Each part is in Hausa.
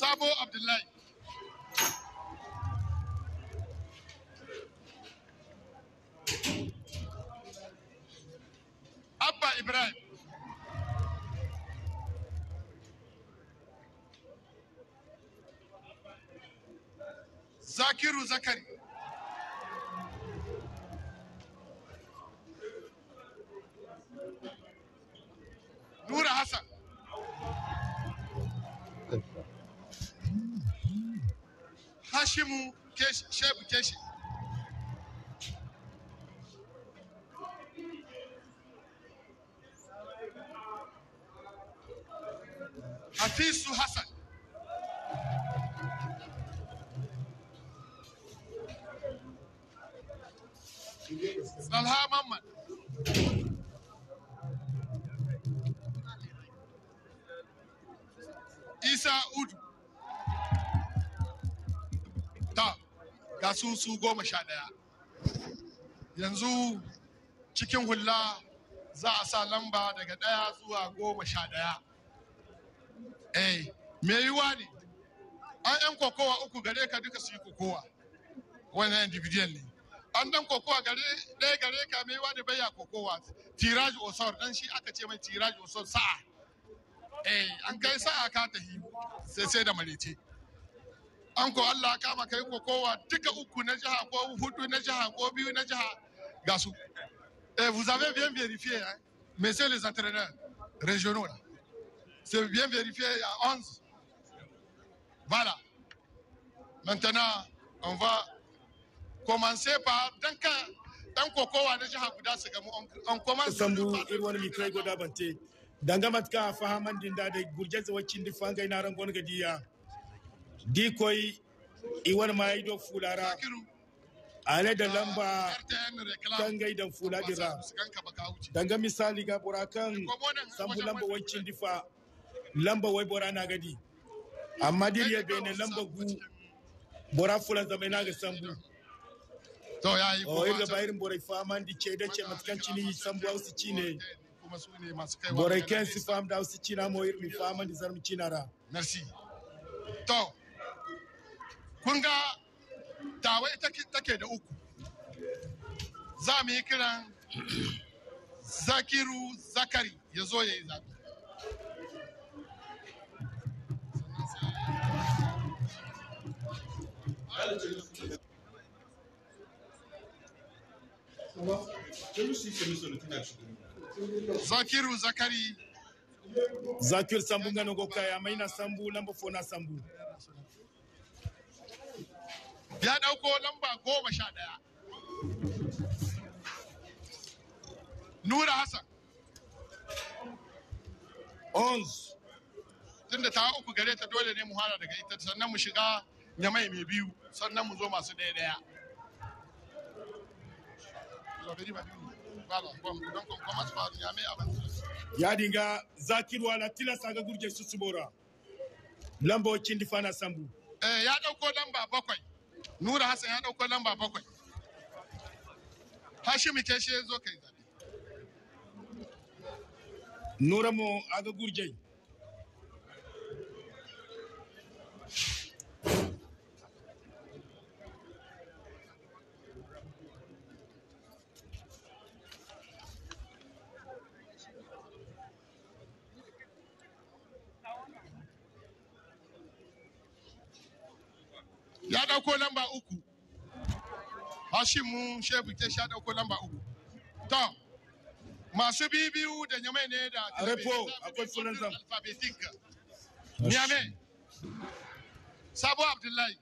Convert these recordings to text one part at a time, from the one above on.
Sabo Abdullahi. Abba Ibrahim. Zakiru Zakari. keshi mu keshi shebu keshi Hafizu Hassan Salha Mamman Isa Udu ga su su goma sha ɗaya yanzu cikin hula za a sa lamba daga ɗaya zuwa goma sha ɗaya eh me yiwa ne an yan kokowa uku gare ka duka su yi kokowa wannan individual ne an dan kokowa gare ɗaya gare ka me yiwa ne bayya kokowa tiraj osor dan shi aka ce mai tiraj osor sa'a eh an kai sa'a ka tahi sai sai da malice an ko Allah kama kai ko kowa duka uku na jiha ko hudu na jiha ko biyu na jiha ga su Eh vous avez bien vérifié hein, messieurs les entraîneurs régionaux là c'est bien vérifié à 11 voilà maintenant on va commencer par dan ka dan na jiha guda su gamu on commence sambu irwan mi kai goda bante danga matka fahaman dinda da gurje zawacin difangai na rangon gadiya dikoi iwan ma yi fulara ale da lamba dangai da fula danga misali ga burakan sambu lamba wancin difa lamba wai bora na gadi amma ya bene lamba gu bora fula zama na ga sambu to yayi oh, ko irin bayirin borai faman di ce da ce matkan cini sambu hausa ci ne borai kensi fam da hausa cina na mo irin da di zarmi ci ra merci to kun ga dawai take da uku za mu yi kiran zakiru zakari ya zo ya yi zaɓe zakiru zakari zakiru sambu ngano gokkaya maina sambu lambo fona sambu ya ɗauko lamba goma sha ɗaya nura hassan ons tunda ta uku gare ta dole ne mu hana daga ita sannan mu shiga nyamai mai biyu sannan mu zo masu ɗaya ɗaya ya dinga zakirwa na tilasta ga gurje su subora lambocin difa na sambu eh, ya ɗauko lamba bakwai Nura Hassan ya ɗauko lamba bakwai. Hashimu shi ya zo kai zaɓe. Nura mu aga gurjai. ya dauko lamba uku hashimu shebu ke sha dauko lamba uku to masu bibiyu da nyame ne da repo akwai sunan zam nyame sabo abdullahi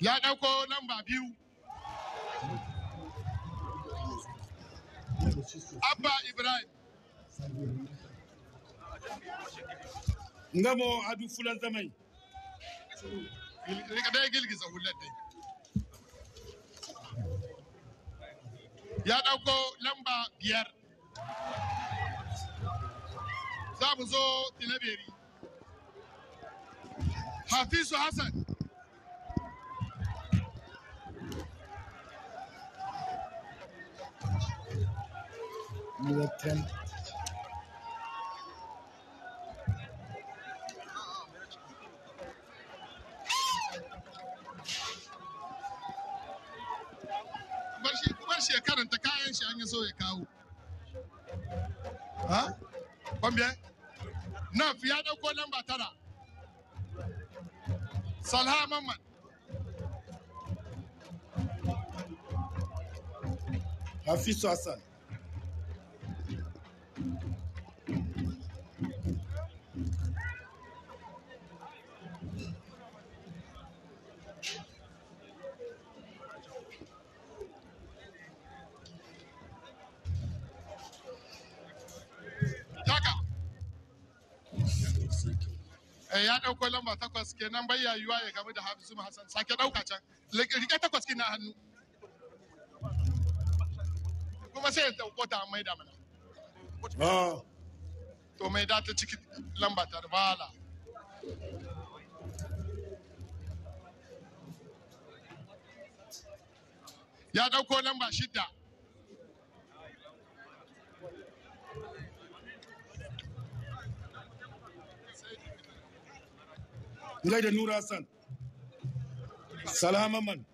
ya dauko lamba biyu Abba Ibrahim. Ngamo adu fulan zamai. Rika dai girgiza hular dai. Ya ɗauko lamba biyar. Za mu zo Hafizu Hassan. Millet'ten ya kayan so ya kawo. fi ya ɗauko lamba tara. Salha Mamman. Hassan. Eh, ya dauko lamba takwas kenan bai yayuwa ya gamu da Hafizu Hassan sake dauka can rike takwas kina hannu kuma sai ya dauko ta mai da mana ah. to mai da ta ciki lamba ta bala ya dauko lamba shida Ngai da Nura Hassan. man.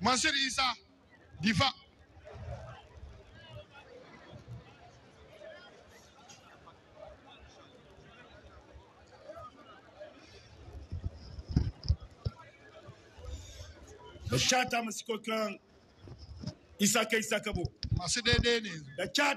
Mansur Isa, Difa. Da chat ta masu kokan Isaka Isaka bo. Masu daidai ne. Da chat.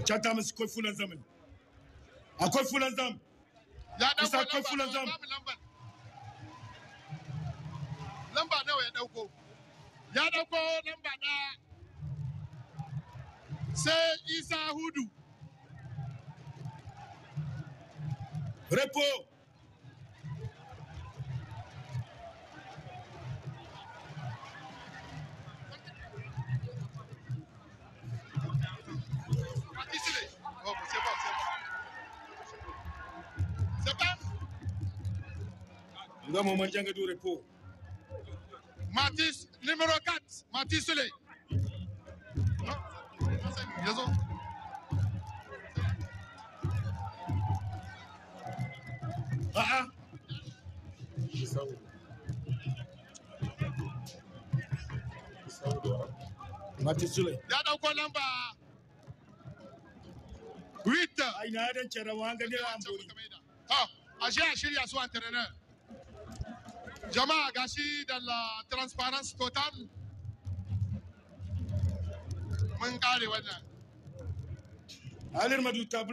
Chata musu kai fulan Akwai fulan zam. Ya dauko akwai fulan zam. Lamba nawa ya dauko? Ya dauko lamba ɗaya. Sai Isa Hudu. Repo. Nous Mandjanga Douré pour. Mathis, numéro 4, Mathis Soleil. Ah ah. Mathis Soleil. Ya dauko lamba. Wita. Ai na dan ga ne an buri. To, ashe a shirya su antrenar. Jamaah gashi dan la uh, transparansi total mengkali wajah. Alir madu tabla.